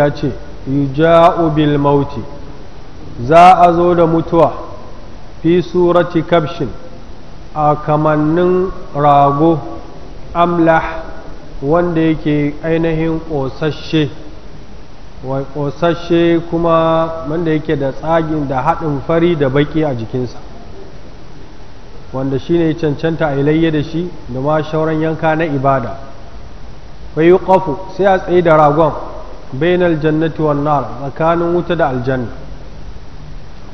ya ce yuja'u bil mauti za a zo da mutuwa fi surati kabshin a kamannin rago amla wanda yake ainihin ƙosashe ƙosashe kuma wanda yake da tsagin da haɗin fari da baƙi a jikinsa wanda shi ne cancanta a ilayya da shi da ma shauran yanka na ibada bai yi sai a tsaye da ragon bainal jannati wan tsakanin wuta da aljanna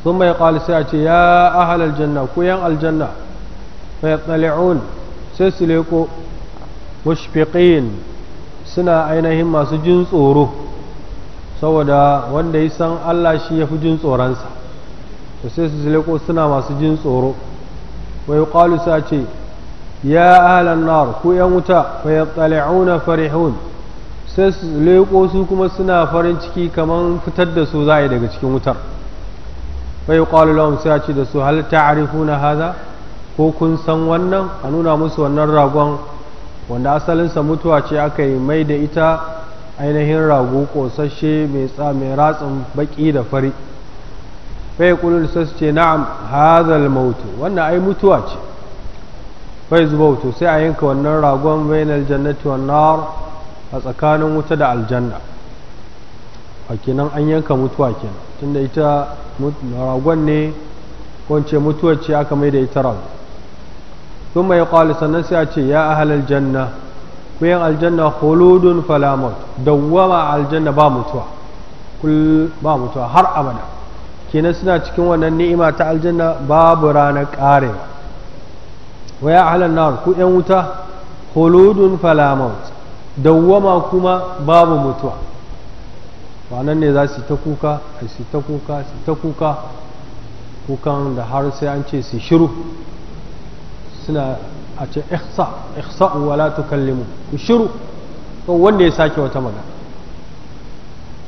sun mai a ce ya ahal aljanna ku yan aljanna fa yattali'un sai su leko mushfiqin suna ainihin masu jin tsoro saboda wanda ya san Allah shi ya fi jin tsoronsa to sai su leko suna masu jin tsoro wa yuqalu ce ya ahlan nar ku yan wuta fa yattali'una farihun sai su leƙo su kuma suna farin ciki kamar fitar da su za a yi daga cikin wutar bai ƙwalo lawan sai a ce da su hal na haza ko kun san wannan a nuna musu wannan ragon wanda asalinsa mutuwa ce aka yi mai da ita ainihin rago ƙosashe mai ratsin baƙi da fari bai ƙulun sai su ce na'am hazal mautu wannan ai mutuwa ce bai wuto sai a yanka wannan ragon bainal jannati wan nar a tsakanin wuta da aljanna a kenan an yanka mutuwa kenan tunda ita ragon ne wance mutuwar ce aka mai da ita rago sun mai kwali sannan sai a ce ya ahal aljanna ku yin aljanna holodun falamot dawwama aljanna ba mutuwa ba mutuwa har abada kenan suna cikin wannan ni'ima ta aljanna babu ranar karewa wa ya ahal nar ku yan wuta holodun falamot dawwama kuma babu mutuwa wannan ne za su ta kuka a su ta kuka su ta kuka kukan da har sai an ce su shiru suna a ce ihsa ihsa wala tukallimu ku shiru to wanda ya sake wata magana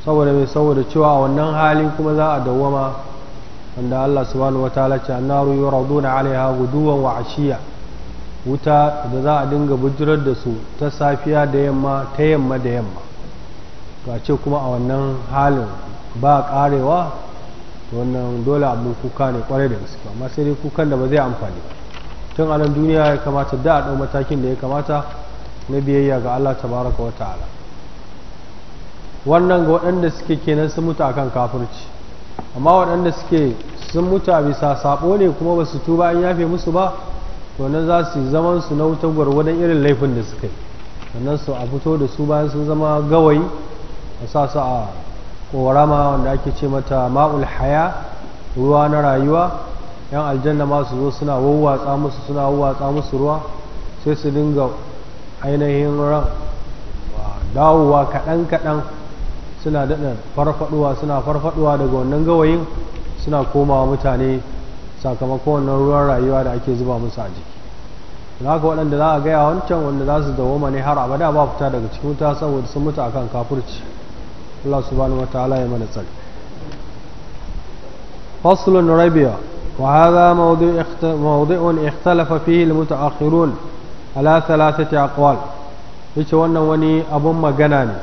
saboda mai saboda cewa a wannan hali kuma za a dawwama wanda Allah subhanahu wataala ce annaru yuraduna alaiha guduwan wa ashiya wuta da za a dinga bujirar da su ta safiya da yamma ta yamma da yamma to a ce kuma a wannan halin ba karewa to wannan dole abin kuka ne kwarai da gaske amma sai dai kukan da ba zai amfani tun a nan duniya ya kamata da a ɗau matakin da ya kamata na biyayya ga Allah tabaraka wa ta'ala wannan ga waɗanda suke kenan sun mutu akan kafirci amma waɗanda suke sun mutu a bisa saɓo ne kuma ba su tuba an yafe musu ba to zasu za su zaman su na wuta gwargwadon irin laifin da suka yi sannan su a fito da su bayan sun zama gawayi a sa su a korama wanda ake ce mata ma'ul haya ruwa na rayuwa yan aljanna ma su zo suna wawwatsa musu suna wawwatsa musu ruwa sai su dinga ainihin ran dawowa kaɗan-kaɗan suna daɗa farfaɗuwa suna farfaɗuwa daga wannan gawayin suna komawa mutane sakamakon wannan ruwan rayuwa da ake zuba musu a jiki don haka waɗanda za a gaya wancan wanda za su dawoma ne har abada ba fita daga cikin wuta saboda sun mutu akan kafurci Allah subhanahu wa ta'ala ya mana tsari فصل ربيع وهذا موضوع اخت... موضوع اختلف فيه المتأخرون على ثلاثة أقوال yace wannan wani abun magana ne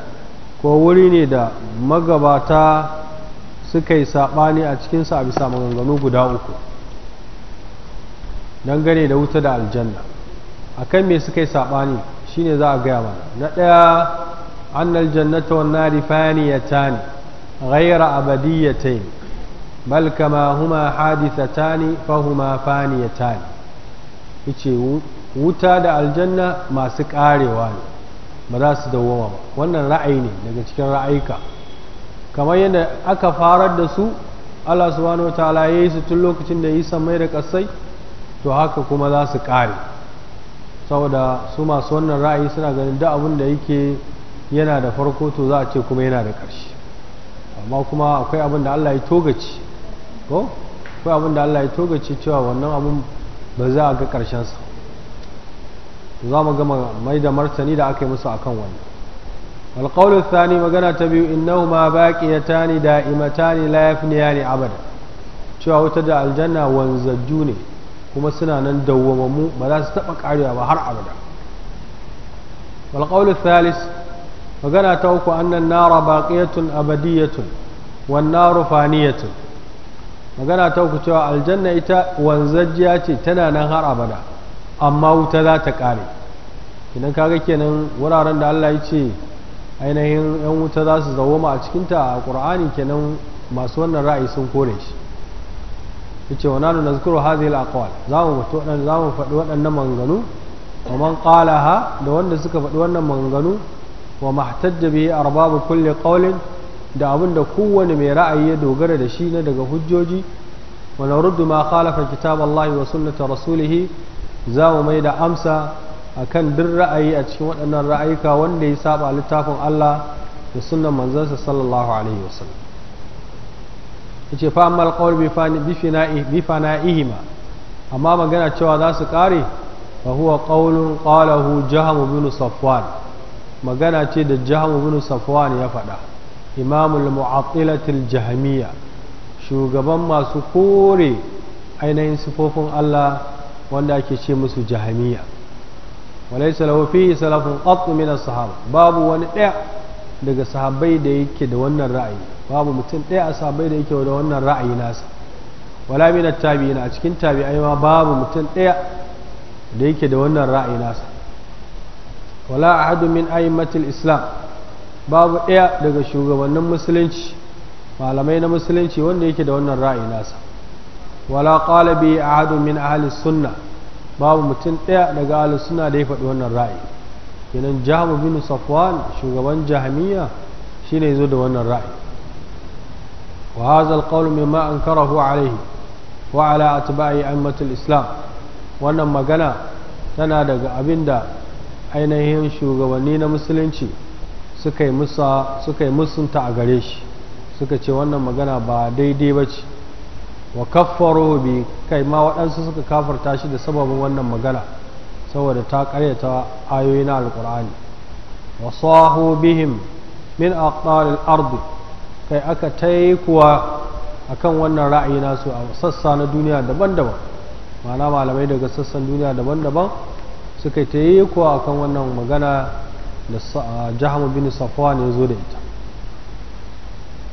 ko wuri ne da magabata suka yi saɓani a cikin a bisa maganganu guda uku dangane da wuta da aljanna a kan me suka yi saɓani shine za a gaya mana na ɗaya annal jannata wan nari faniyatan ghayra abadiyatayn bal kama huma hadithatan fa huma faniyatan yace wuta da aljanna masu ƙarewa ne ba za su dawoma ba wannan ra'ayi ne daga cikin ra'ayika kamar yadda aka farar da su Allah subhanahu wa ta'ala ya yi su tun lokacin da yi mai da kasai to haka kuma za su ƙare saboda su masu wannan ra'ayi suna ganin duk abin da yake yana da farko to za a ce kuma yana da ƙarshe amma kuma akwai abin da Allah ya togaci ko akwai abin da Allah ya togaci cewa wannan abin ba za a ga ƙarshen to za mu gama mai da martani da aka yi musu akan wannan القول الثاني مغنى تبيو إنهما باقيتان ne لا يفنيان abada cewa wuta da aljanna wanzajju ne kuma suna nan dawwamammu ba za su taɓa ƙarewa ba har abada walƙaunin thalis magana ta uku annan nara baƙiyatun abadiyatun wannan rufaniyatun magana ta uku cewa aljanna ita wanzajjiya ce tana nan har abada amma wuta za ta ƙare idan kaga kenan wuraren da allah ya ce ainihin 'yan wuta za su zawoma a cikinta a ƙur'ani kenan masu wannan ra'ayi sun kore shi yace wa nanu nazkuru hadhihi al-aqwal zamu mu faɗi waɗannan manganu wa man qalaha da wanda suka faɗi wannan manganu wa mahtajja bihi arbabu kulli qawlin da abin da kowane mai ra'ayi ya dogara da shi na daga hujjoji wa naruddu ma khalafa kitab Allah wa sunnata rasulihi za mu mai da amsa akan duk ra'ayi a cikin waɗannan ra'ayika wanda ya saba littafin Allah da sunnan manzansa sallallahu alaihi wasallam yace fa ammal qawl bi fana'i bi fana'ihima amma magana cewa za su kare fa huwa qawlun qalahu jahm ibn safwan magana ce da Jihar ibn safwan ya faɗa imamul mu'attilatil jahmiyya shugaban masu kore ainihin sifofin Allah wanda ake ce musu jahamiya walai salafu salafin salafun qattu min as-sahaba babu wani ɗaya. daga sahabbai da yake da wannan ra'ayi babu mutum ɗaya a sahabbai da yake da wannan ra'ayi nasa wala min tabi'in a cikin tabi'ai ma babu mutum ɗaya da yake da wannan ra'ayi nasa wala ahadu min a'immatil islam babu ɗaya daga shugabannin musulunci malamai na musulunci wanda yake da wannan ra'ayi nasa wala qala bi ahadu min ahli sunna babu mutum ɗaya daga ahli sunna da ya faɗi wannan ra'ayi kenan jahamu bin safwan shugaban jahamiya shine zo da wannan ra'ayi wa hadha alqawl mimma ankarahu alayhi wa ala atba'i ammatul islam wannan magana tana daga abin da ainihin shugabanni na musulunci suka yi musunta a gare shi suka ce wannan magana ba daidai ba ce wa kafaro bi kai ma waɗansu suka kafarta shi da sababin wannan magana saboda ta karyata ayoyi na alkur'ani wasahu bihim min aqtaril ardi kai aka taikuwa akan wannan ra'ayi nasu a sassa na duniya daban-daban mana malamai daga sassan duniya daban-daban suka taikuwa akan wannan magana da jahamu bin safwan ya zo da ita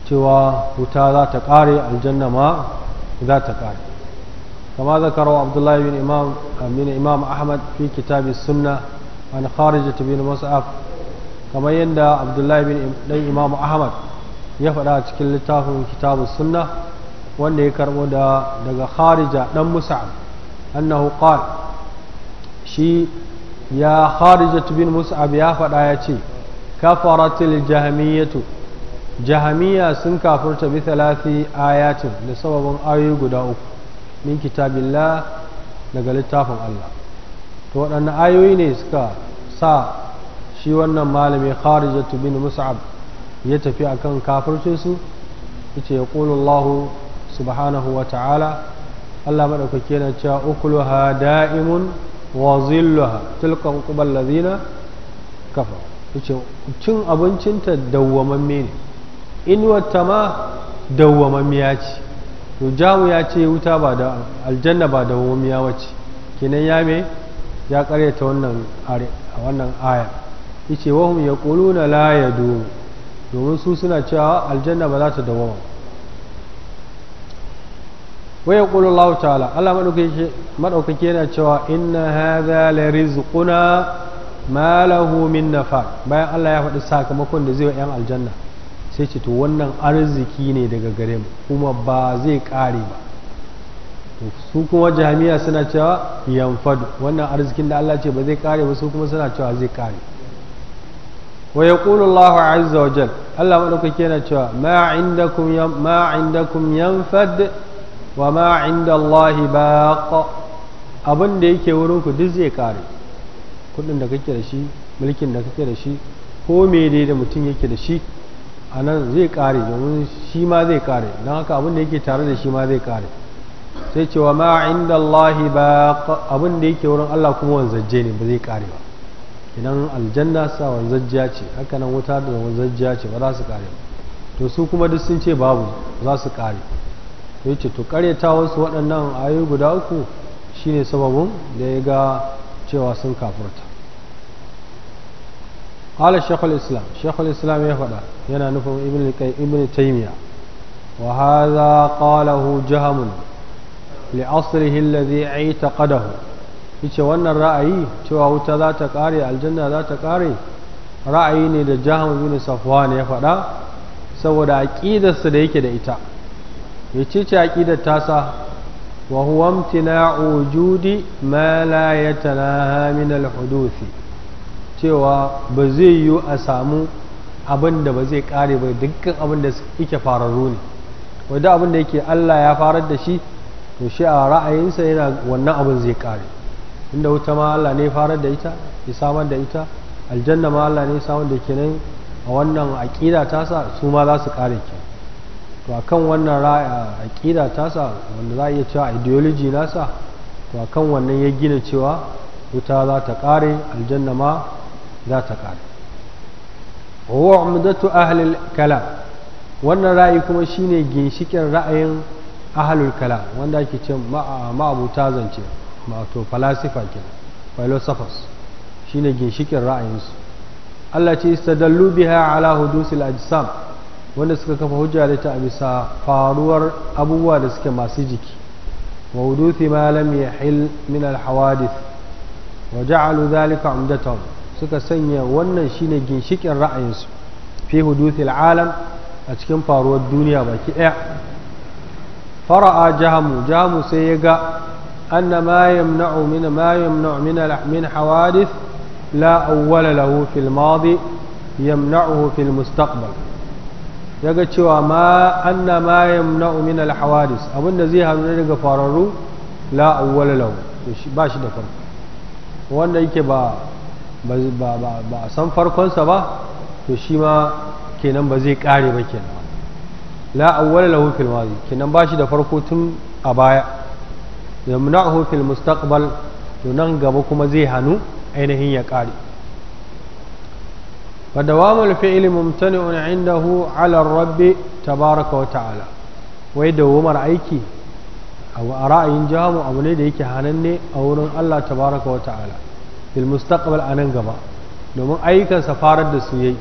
cewa wuta za ta kare aljanna ma za ta kare كما ذكره عبد الله بن إمام من إمام أحمد في كتاب السنة عن خارجة بن مصعب كما يندى عبد الله بن إمام أحمد يفعل تكل من كتاب السنة wanda ya karbo da daga kharija dan musa'ab annahu qal shi ya kharija bin musa'ab ya faɗa ya ce kafaratil jahmiyatu jahmiya sun kafirta bi thalathi ayatin da ayoyi guda uku min kitabillah daga littafin Allah to waɗannan ayoyi ne suka sa shi wannan malami kharijatu bin mus'ab ya tafi akan kafirce su yace yaqulu Allah subhanahu wa ta'ala Allah madaukake yana cewa ukuluha da'imun wa zilluha tilka qubal ladina kafa yace cin abincinta dawwamamme ne inuwar ma ya ce to jawo ya ce wuta ba da aljanna ba da homiya wace kenan ya me ya karyata wannan a wannan aya yace ya yaquluna la yadum domin su suna cewa aljanna ba za ta dawo wa yaqulu Allah ta'ala Allah madaukake yana cewa inna hadha la rizquna ma lahu min nafad bayan Allah ya faɗi sakamakon da zai wa yan aljanna sai ce to wannan arziki ne daga gare mu kuma ba zai kare ba su kuma jami'a suna cewa yamfadu wannan arzikin da Allah ce ba zai kare ba su kuma suna cewa zai kare. wa yaqulu Allah azza wa jal Allah madaukake yana cewa ma indakum ma indakum yanfad wa ma inda Allah baq abin da yake wurin ku duk zai kare kudin da kake da shi mulkin da kake da shi ko me da mutum yake da shi a nan zai kare domin shi ma zai kare don haka abin da yake tare da shi ma zai kare sai cewa ma inda Allah ba abin da yake wurin Allah kuma wanzajje ne ba zai kare ba idan aljanna sa wanzajjiya ce haka nan wuta da wanzajjiya ce ba za su kare ba to su kuma duk sun ce babu za su kare to yace to ta wasu waɗannan ayoyi guda uku shine sababin da ya ga cewa sun kafurta qala shaykhul islam shaykhul islam ya faɗa yana nufin ibn ibn taymiya wa hadha qalahu jaham li asrihi alladhi aitaqadahu ice wannan ra'ayi cewa wuta zata ta kare aljanna zata ta kare ra'ayi ne da jaham ibn safwan ya faɗa saboda aqidarsa da yake da ita yace ce aqidar tasa وهو امتناع وجود ما لا يتناهى من الحدوث cewa ba zai yiwu a samu abin da ba zai kare ba dukkan abin da yake fararru ne wadda abin da yake Allah ya farar da shi to shi a ra'ayinsa yana wannan abin zai kare inda wuta ma Allah ne farar da ita ya samar da ita aljanna ma Allah ne samar da kenan a wannan ta tasa su ma za su kare ke to akan wannan ta tasa wanda za a iya cewa ideology nasa to akan wannan ya gina cewa wuta za ta kare aljanna ma za ta ƙare huwa umdatu ahlul kalam wannan ra'ayi kuma shine ginshikin ra'ayin ahlul kalam wanda ake ce ma'abuta zance wato falasifa kenan philosophers shine ginshikin ra'ayinsu Allah ce istadallu biha ala hudusil ajsam wanda suka kafa hujja da ta bisa faruwar abubuwa da suke masu jiki wa malami ma lam yahil min al hawadith wa ja'alu dhalika umdatahum suka sanya wannan shine ginshikin ra'ayinsu fi huduthil alam a cikin faruwar duniya baki ɗaya fara'a jahamu jahamu sai ya ga anna ma yamna'u min ma yamna'u min min hawadith la awwala lahu fil madi yamna'uhu fil mustaqbal yaga cewa ma anna ma yamna'u min al hawadis abinda zai hanu daga fararru la awwala lahu ba shi da farko wanda yake ba ba ba san farkonsa ba to shi ma kenan ba zai kare ba kenan la awwala lahu fil madi kenan bashi da farko tun a baya yamna'hu fil mustaqbal to nan gaba kuma zai hanu ainihin ya kare fa ilimin al fi'l mumtani'un 'indahu 'ala ar-rabb tabaaraka wa ta'ala wai dawumar aiki a ra'ayin jamu abu ne da yake hananne a wurin Allah tabaaraka wa ta'ala fil mustaqbal a nan gaba domin ayyukansa farar da su yi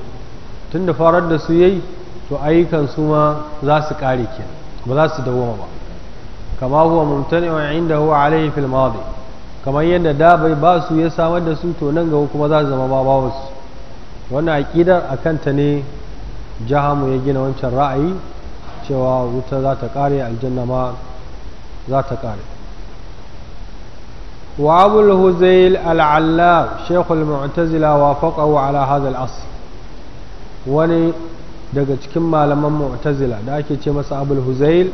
tun da farar da su yi to ayyukan su ma za su kare kenan ba za su dawoma ba kama huwa mumtani'un indahu alayhi fil madi kamar yadda da bai ba su ya samar da su to nan gaba kuma za su zama ba babu su wannan aqidar akan ta ne jahamu ya gina wancan ra'ayi cewa wuta za ta kare aljanna ma za ta kare وأبو الهزيل العلام شيخ المعتزلة وافقه على هذا الأصل وني daga cikin malaman mu'tazila da ake ce masa abul huzail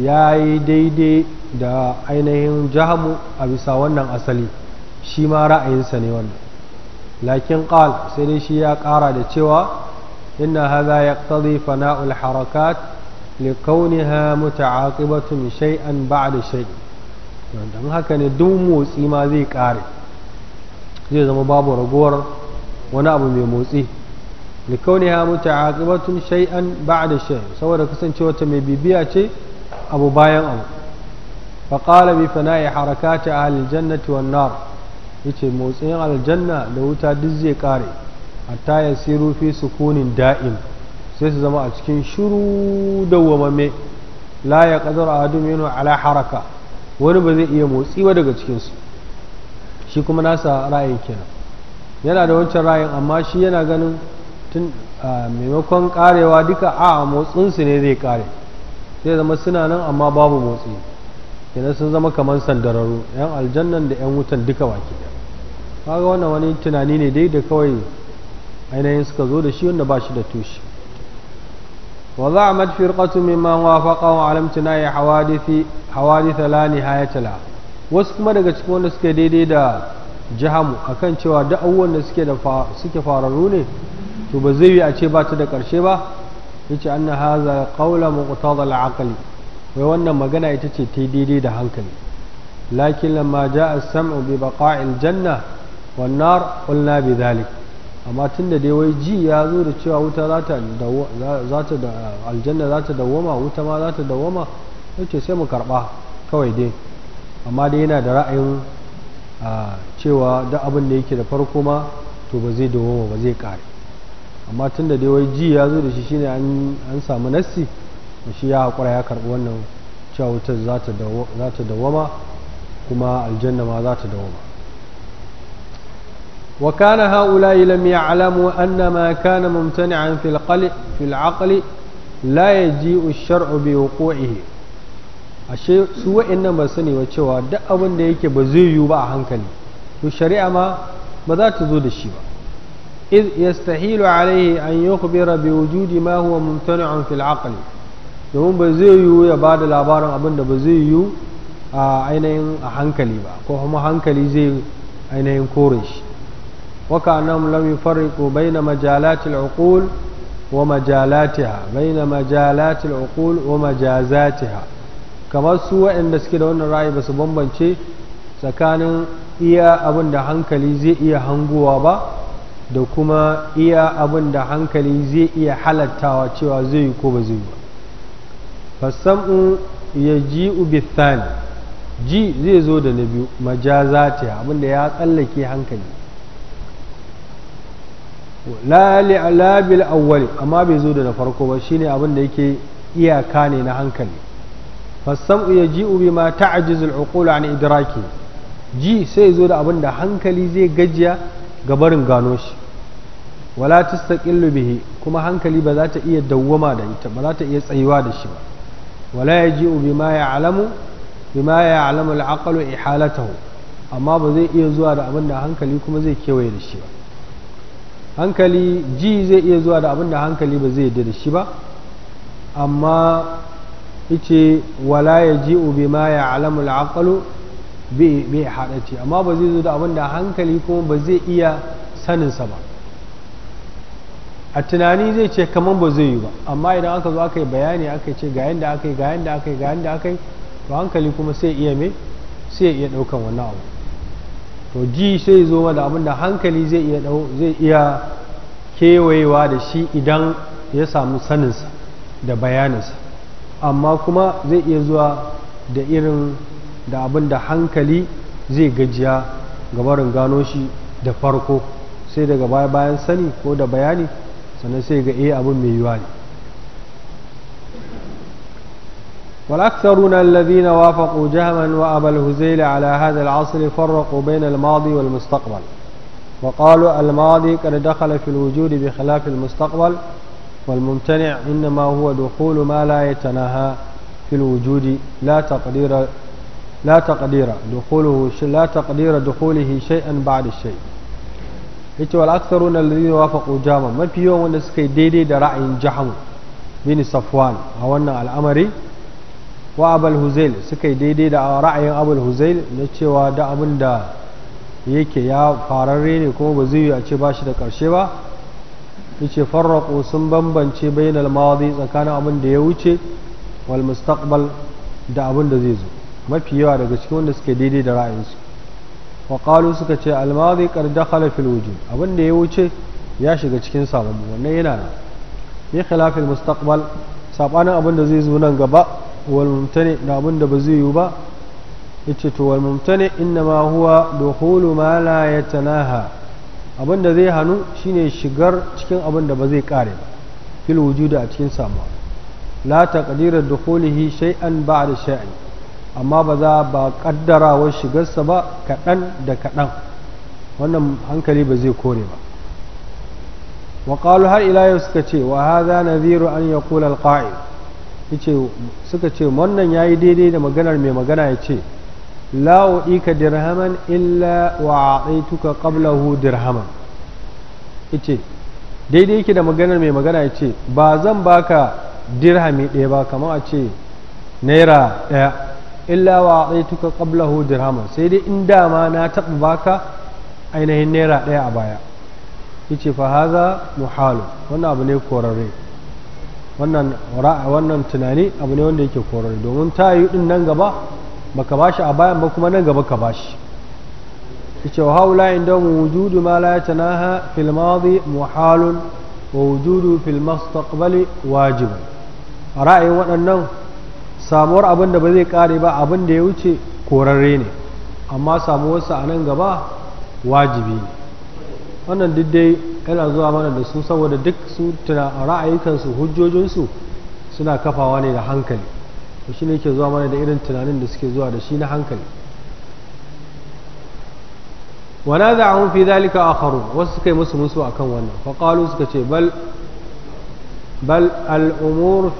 ya yi daidai da ainihin jahamu a bisa wannan asali shi ma ra'ayinsa ne wannan lakin qal sai dai shi ya ƙara da cewa inna hadha yaqtadi fana'ul harakat li kauniha muta'aqibatun shay'an ba'da shay'in don haka ne duk motsi ma zai ƙare zai zama babu ragowar wani abu mai motsi likauni ya mutu a aqibatun shay'an da shay saboda kasancewa ta mai bibiya ce abu bayan abu فقال بفناء حركات أهل الجنة والنار yace motsin aljanna da wuta duk zai kare hatta ya siru fi sukunin da'im sai su zama a cikin shiru dawwamame la ya qadara ahadun minhu ala haraka wani ba zai iya motsi ba daga cikinsu shi kuma nasa ra'ayin kenan yana da wancan ra'ayin amma shi yana ganin tun maimakon karewa duka a motsinsu ne zai kare zai zama suna nan amma babu motsi kenan sun zama kamar sandararru yan aljannan da yan wutan duka baki kaga wannan wani tunani ne dai da kawai ainihin suka zo da shi wanda ba shi da tushe وزعمت فرقة ممن وافقه على امتناع حوادث hawadith la nihayata la wasu kuma daga cikin wanda suke daidai da jahamu akan cewa duk abubuwan da suke da suke fararru ne to ba zai yi a ce ba ta da karshe ba yace anna hadha qawla muqtada aql wai wannan magana ita ce ta daidai da hankali lakin lamma ja'a as-sam'u bi baqa'il janna wan nar qulna bi dhalik amma tunda dai wai ji ya zo da cewa wuta za ta aljanna za ta dawwama wuta ma za ta dawwama yace sai mu karba kawai dai amma dai yana da ra'ayin cewa duk abin da yake da farko ma to ba zai dawoma ba zai kare amma tun da dai wai ji ya zo da shi shine an samu nassi da shi ya haƙura ya karɓi wannan cewa wutar za ta dawama kuma aljanna ma za ta dawama وكان هؤلاء لم يعلموا أن ما كان ممتنعا في, القل في العقل لا يجيء الشرع بوقوعه ashe su wa'annan ba su ne cewa duk abin da yake ba zai yiwu ba a hankali to shari'a ma ba za ta zo da shi ba iz yastahilu alaihi an yukhbira bi wujudi ma huwa mumtani'un fil aqli domin ba zai yiwu ya ba da labarin abin da ba zai yiwu a ainihin a hankali ba ko kuma hankali zai ainihin kore shi waka nan lam yufarriqu bayna majalati al-uqul wa majalatiha bayna majalatil al-uqul wa majazatiha kamar su waɗanda suke da wannan ra'ayi ba su bambance tsakanin iya abin da hankali zai iya hanguwa ba da kuma iya abin da hankali zai iya halattawa cewa zai yi ko ba zai yi ba in ya ji ubithani ji zai zo da na biyu abin da ya tsallake hankali la bil amma bai zo da na farko ba shine abin da yake iyaka ne na hankali fasam'u ya ji ubi ma ta ajizul uqul an idraki ji sai zo da abin da hankali zai gajiya ga barin gano shi wala tastaqillu bihi kuma hankali ba za ta iya dawwama da ita ba za ta iya tsayuwa da shi ba wala yaji'u ubi ya'lamu bima ya'lamu al-aqlu ihalatahu amma ba zai iya zuwa da abin da hankali kuma zai kewaye da shi ba hankali ji zai iya zuwa da abin da hankali ba zai yarda da shi ba amma yace wala yaji'u bima ya'lamu al-aqlu bi bi hadati amma ba zai zo da abin da hankali kuma ba zai iya sanin sa ba a tunani zai ce kaman ba zai yi ba amma idan aka zo aka yi bayani aka ce ga yanda aka yi ga yanda aka yi ga yanda aka yi to hankali kuma sai iya me sai iya daukan wannan abu to ji sai zo da abin da hankali zai iya zai iya kewayewa da shi idan ya samu saninsa da bayaninsa amma kuma zai iya zuwa da irin da abin da hankali zai gajiya gabarin gano shi da farko sai daga baya bayan sani ko da bayani sannan sai ga iya eh, abin mai yiwa ne والأكثرون الذين وافقوا جهما وأبا الهزيل على هذا العصر فرقوا بين الماضي والمستقبل وقالوا الماضي قد دخل في الوجود بخلاف المستقبل والممتنع إنما هو دخول ما لا يتناهى في الوجود لا تقدير لا تقدير دخوله لا تقدير دخوله شيئا بعد الشيء yace wal aktharuna alladhina wafaqu jama mafi yawan wanda suka daidai da ra'ayin jaham bin safwan a wannan al'amari wa abul huzail suka daidai da ra'ayin abul huzail na cewa da abin da yake ya fararre ne kuma ba zai yi a ce ba shi da karshe ba yace farraqu sun bambance bainal madi tsakanin abin da ya wuce wal mustaqbal da abin da zai zo mafi yawa daga cikin wanda suke daidai da ra'ayinsu wa qalu suka ce al madi qad dakhala fil wujud abin da ya wuce ya shiga cikin sabon wannan yana nan bi khilafil mustaqbal sabanin abin da zai zo nan gaba wal mumtani da abin da ba zai yi ba yace to wal mumtani inna ma huwa dukhulu ma la yatanaha abin da zai hannu shine shigar cikin abin da ba zai kare ba fil wujuda a cikin samuwa la taqdira dukhulihi shay'an ba'da shay'in amma ba za ba kaddarawar shigarsa ba kaɗan da kaɗan wannan hankali ba zai kore ba wa har ila yau suka ce wa hadha nadhiru an yaqula al-qa'il yace suka ce wannan yayi daidai da maganar mai magana ya ce لا uɗika درهما illa wa قبله qablahu dirhaman daidai yake da maganar mai magana ya ce ba zan baka dirhami ɗaya ba kamar a ce naira ɗaya illa wa a'taituka qablahu dirhama sai dai in dama na taɓa baka ainihin naira ɗaya a baya yace fa haza muhalu wannan abu ne korare wannan tunani abu ne wanda yake korare domin ta yi ɗin nan gaba baka bashi a bayan ba kuma nan gaba ka bashi yace wa haula mu wujudu ma la yatanaha fil madi muhalun wa wujudu fil mustaqbali wajib a ra'ayin waɗannan samuwar abin da ba zai kare ba abin da ya wuce korarre ne amma samuwarsa a nan gaba wajibi ne wannan duk dai yana zuwa mana da su saboda duk su tuna ra'ayikansu hujjojinsu suna kafawa ne da hankali to shi ne ke zuwa mana da irin tunanin da suke zuwa da shi na hankali wana za a fi zalika akharu wasu suka yi musu musu akan wannan faƙalu suka ce bal al'umur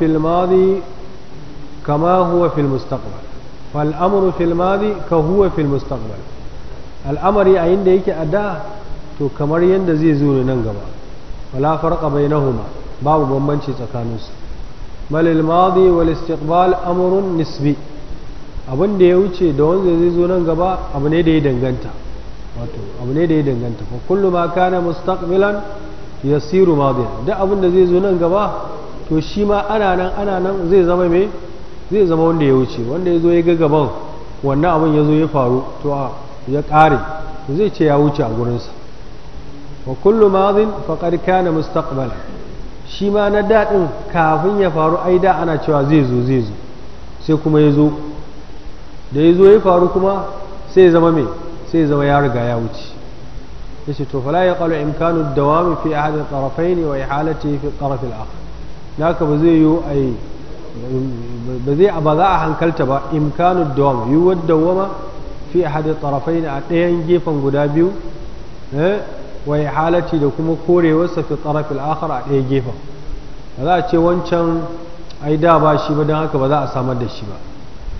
kama huwa fil mustaqbal fal ka huwa fil al'amari a inda yake a da to kamar yadda zai zo ne nan gaba wala farqa bainahuma babu bambanci tsakaninsu bal al-madi wal istiqbal amrun nisbi abin da ya wuce da wanda zai zo nan gaba abu ne da ya danganta wato abu ne da ya danganta fa kullu ma kana mustaqbilan yasiru madiyan duk abin da zai zo nan gaba to shi ma ana nan ana nan zai zama me zai zama wanda ya wuce wanda ya zo ya ga gaban wannan abin ya zo ya faru to a ya kare to zai ce ya wuce a gurinsa wa kullu madin faqad kana mustaqbalan shi ma na daɗin kafin ya faru ai da ana cewa zai zo zai zo sai kuma ya zo da ya zo ya faru kuma sai zama mai sai zama ya riga ya wuce yace to fala ya qalu imkanu dawami fi ahad al-tarafayn wa ihalati fi al-taraf al-akhar naka ba zai yi ai ba zai ba za a hankalta ba in imkanu dawam yuwar dawama fi ahad al-tarafayn a ɗayan gefen guda biyu eh, wa ihalati da kuma korewarsa fi tsarafin akhar a ɗaya gefen ba za a ce wancan ai da ba shi ba don haka ba za a samar da shi ba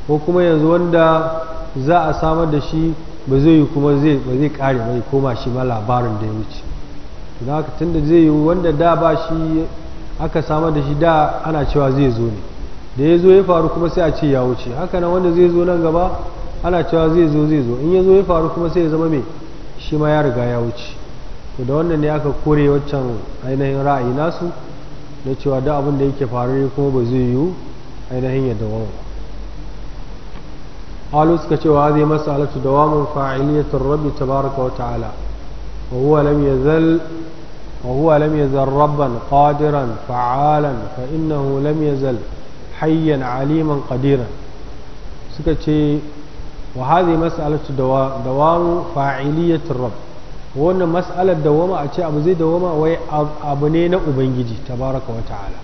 ko kuma yanzu wanda za a samar da shi ba zai yi kuma zai ba zai kare mai koma shi ma labarin da ya wuce don haka tunda zai yi wanda da ba shi aka samar da shi da ana cewa zai zo ne da ya zo ya faru kuma sai a ce ya wuce haka nan wanda zai zo nan gaba ana cewa zai zo zai zo in ya zo ya faru kuma sai ya zama mai shi ma ya riga ya wuce to da wannan ne aka kore waccan ainihin ra'ayi nasu na cewa da abin da yake faru ne kuma ba zai yiwu ainihin ya dawama ba halu suka cewa zai masa alatu dawamin fa'iliyatul rabbi tabaraka wa ta'ala wa huwa lam yazal وهو لم يزل ربا قادرا فعالا فإنه لم يزل حيا عليما قديرا سكتي وهذه مسألة دوام فاعلية الرب wannan mas'alar dawama a ce abu zai dawama wai abu ne na ubangiji tabaraka wa ta'ala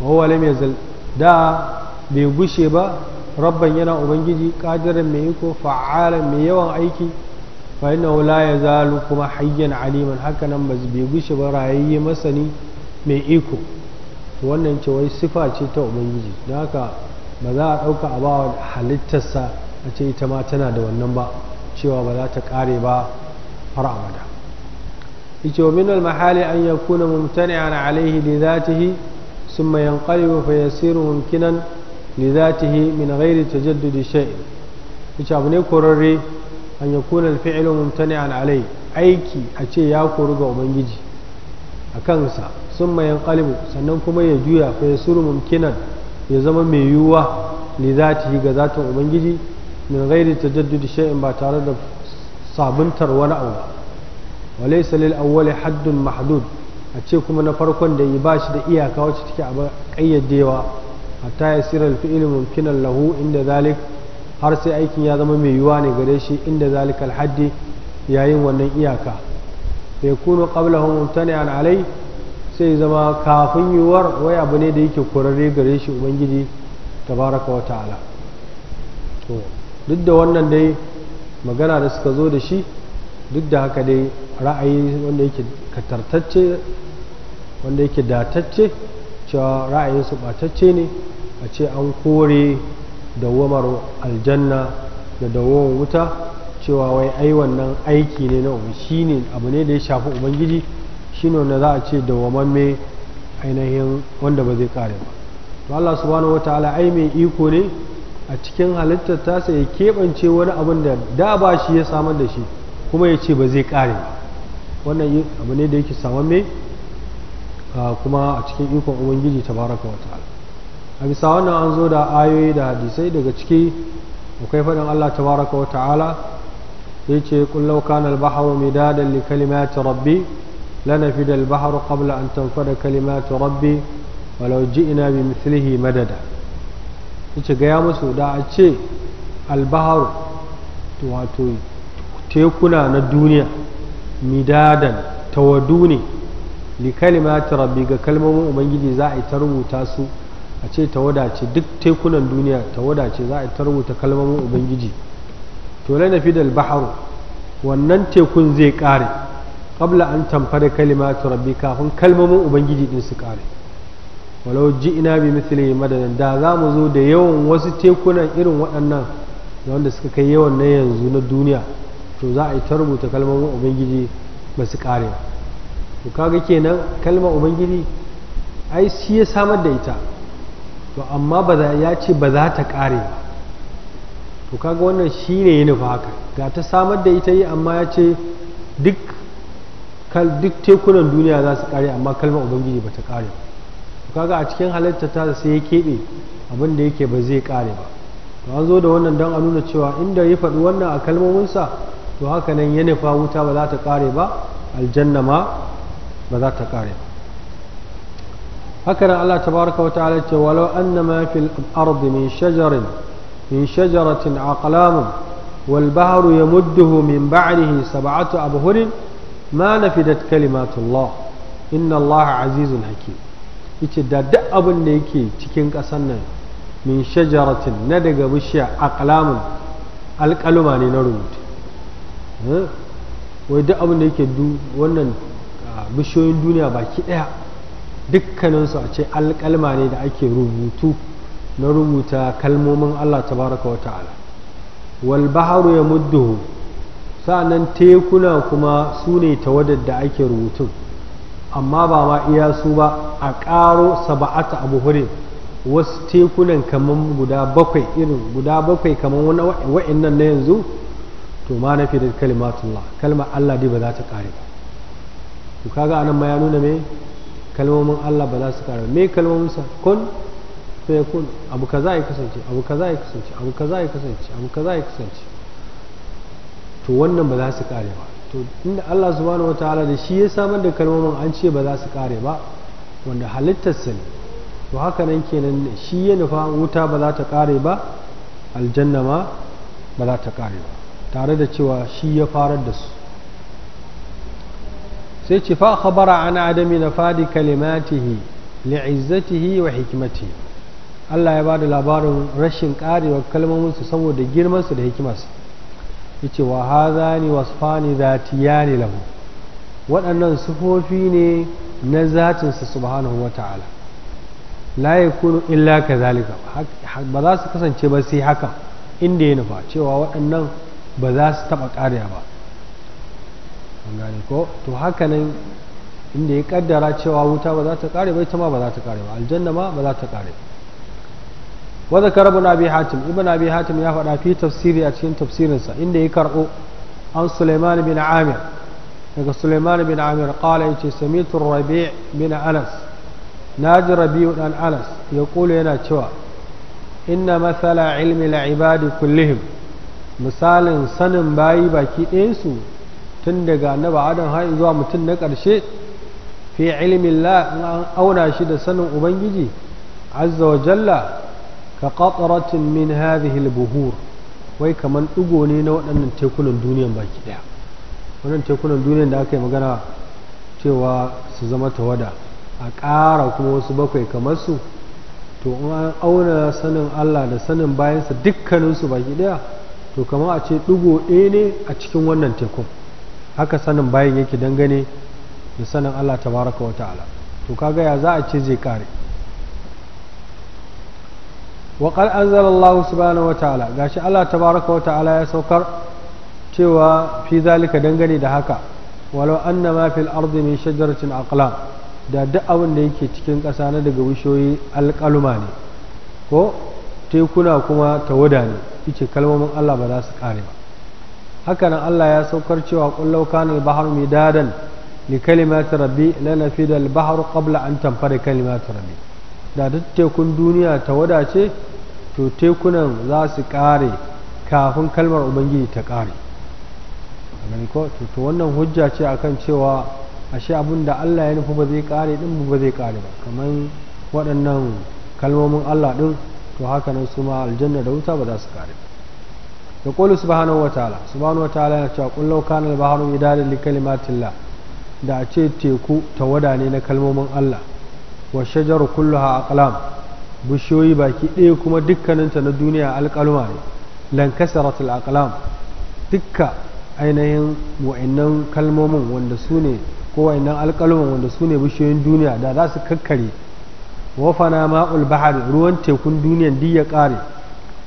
wawa lam yazal da bai gushe ba rabban yana ubangiji kadirin mai iko fa'alan mai yawan aiki fa innahu la yazalu kuma hayyan aliman haka nan ba bai gushe ba rayayye masani mai iko wannan ce wai sifa ce ta ubangiji don haka ba za a ɗauka a ba halittarsa a ce ita ma tana da wannan ba cewa ba za ta ƙare ba har abada yace wa min al-mahali an yakuna mumtani'an alayhi li dhatihi thumma yanqalibu fa yasiru mumkinan li dhatihi min ghairi tajaddud shay' yace abu ne korarre an aiki a ce ya koru ga ubangiji a kansa mayan yanqalibu sannan kuma ya juya fa suru mumkinan ya zama mai yiwuwa li dhatihi ga zatin ubangiji min ta tajaddud shay'in ba tare da sabuntar wani abu walaysa lil awwali haddun mahdud a ce kuma na farkon da yi shi da iyaka wacce take a kayyadewa a ya sirar fi'il mumkinan lahu inda zalik har sai aikin ya zama mai yiwuwa ne gare shi inda zalik alhaddi yayin wannan iyaka bai kuno qabla mumtani an alai sai zama kafin yiwuwar wai abu ne da yake kurare gare shi ubangiji tabaraka wa ta'ala to duk da wannan dai magana da suka zo da shi duk da haka dai ra'ayi wanda yake katartacce wanda yake datacce cewa ra'ayinsu batacce ne a ce an kore dawamar aljanna da dawamar wuta cewa wai ai wannan aiki ne na ubi shi ne abu ne da ya shafi ubangiji shi ne wanda za a ce dawamamme ainihin wanda ba zai kare ba to Allah subhanahu wataala ai mai iko ne a cikin halittar tasa ya keɓance wani abin da da ba shi ya samar da shi kuma ya ce ba zai ƙare wannan abu ne da yake samar mai kuma a cikin ikon ubangiji ta baraka wata ala a bisa wannan an zo da ayoyi da hadisai daga ciki akwai faɗin allah ta baraka wata ala ya ce na kanal baharu midadan li kalimati rabbi لنفد البحر an أن تنفد rabbi ربي ina bi mislihi madada. yace gaya musu da a ce albaharu wato tekuna na duniya midadan tawadu ne li kalimati rabbi ga kalmomin ubangiji za a yi ta su a ce tawada ce duk tekunan duniya tawada ce za a yi ta kalmomin ubangiji to na nafi da albaharu wannan tekun zai kare qabla an tamfara ta rabbi kafin kalmomin ubangiji din su kare walau ji ina bi misali madadin da za mu zo da yawan wasu tekunan irin waɗannan da wanda suka kai yawan na yanzu na duniya to za a yi ta rubuta ubangiji ba su ƙare to kaga kenan kalmar ubangiji ai shi ya samar da ita to amma ba ya ce ba za ta ƙare ba to kaga wannan shi ne ya nufa haka ga ta samar da ita yi amma ya ce duk tekunan duniya za su kare amma kalmar ubangiji ba ta kare ba kaga a cikin halittata ta sai ya keɓe abin da yake ba zai ƙare ba to an zo da wannan don a nuna cewa inda ya faɗi wannan a kalmominsa to haka nan ya nufa wuta ba za ta ƙare ba aljanna ma ba za ta ƙare ba haka nan Allah tabaraka wa ta'ala ce walau annama fil ardi min shajarin min shajaratin aqlamun wal bahru من بعده سبعة أبهر ما نفدت كلمات الله إن الله عزيز haki. yace da duk abin da yake cikin ƙasar nan min shajaratin na daga bishiya aqlamun alƙaluma ne na rubutu eh? wai duk abin da yake du wannan bishiyoyin duniya baki ɗaya dukkaninsu a ce alƙalma ne da ake rubutu na rubuta kalmomin Allah tabaraka wa ta'ala wal baharu ya mudduhu sa'annan tekuna kuma su ne tawadar da ake rubutun amma ba ma iya su ba a ƙaro saba'ata abu hure wasu tekunan kamar guda bakwai irin guda bakwai kamar wa'in nan na yanzu to ma na fi da kalimatullah kalma Allah dai ba za ta ƙare ba to kaga anan ma ya nuna me kalmomin Allah ba za su ƙare me kalmomin sa kun sai kun abu kaza ya kasance abu kaza ya kasance abu kaza ya kasance abu kaza ya kasance to wannan ba za su ƙare ba to inda Allah subhanahu wataala da shi ya samar da kalmomin an ce ba za su kare ba wanda halittarsa ne to haka nan kenan shi ya nufa wuta ba za ta kare ba aljanna ma ba za ta kare ba tare da cewa shi ya farar da su sai ce fa khabara an adami na fadi kalimatihi li'izzatihi wa hikmatihi Allah ya bada labarin rashin karewar kalmominsu saboda girmansu da hikimarsu yace wa hadhani wasfani dhatiyani lahu waɗannan sufofi ne na zatinsa subhanahu wa ta'ala la yakunu illa kazalika ba za su kasance ba sai haka inda ya nufa cewa waɗannan ba za su taɓa ƙariya ba ko to hakanan inda ya kaddara cewa wuta ba za ta ƙare ba ita ma ba za ta ƙare ba aljanna ma ba za ta ƙare ba ka rabu na abi hatim ibn abi hatim ya faɗa fi tafsiri a cikin tafsirinsa inda ya karɓo an sulaiman bin amir daga sulaiman bin amir ya yace samitu rabi' bin anas naji rabi'u dan anas ya kula yana cewa inna matsala ilmi laibadi ibadi kullihim misalin sanin bayi baki ɗayansu tun daga annaba adam har zuwa mutum na ƙarshe fi ilmin la an auna shi da sanin ubangiji azza wa jalla ka qatratin min hadhihi al-buhur wai kaman ɗigo ne na waɗannan tekunan duniyan baki ɗaya wannan tekunan duniyan da aka yi magana cewa su zama tawada a ƙara kuma wasu bakwai kamar su to an auna sanin Allah da sanin bayansa dukkaninsu baki ɗaya to kamar a ce ɗigo ɗaya ne a cikin wannan tekun haka sanin bayan yake dangane da sanin Allah tabaraka wa ta'ala to kaga ya za a ce zai kare. wa qad anzalallahu subhanahu wa ta'ala gashi Allah tabaraka wa ta'ala ya saukar cewa fi zalika dangane da haka walau anna ma fil ardi min da duk abin da yake cikin ƙasa na daga bishiyoyi alƙaluma ne ko tekuna kuma tawada ne ice kalmomin Allah ba za su kare ba hakanan Allah ya saukar cewa qullau kanal bahar bahru midadan li kalimati rabbi lana al-bahru qabla an tanfada kalimatu rabbi da duk tekun duniya ta wadace to tekunan za su kare kafin kalmar ubangiji ta kare to wannan hujja ce akan cewa ashe abin da allah ya nufi ba zai kare din ba zai kare ba kamar waɗannan kalmomin allah din to haka su ma aljanna da wuta ba za su kare. da ƙolu subhanahu wa wataala subhanahu wa ta'ala yana cewa ƙullau kanal baharu idalin likalimatillah da a ce teku tawada ne na kalmomin allah wa shajaru kulluha aqlam bishiyoyi baki ɗaya kuma dukkaninta na duniya alƙaluma ne lankasaratul aqlam dukka ainihin wa'annan kalmomin wanda su ne ko wa'annan alƙaluman wanda su ne bishiyoyin duniya da za su kakkare wafana ma'ul bahar ruwan tekun duniyan duk ya ƙare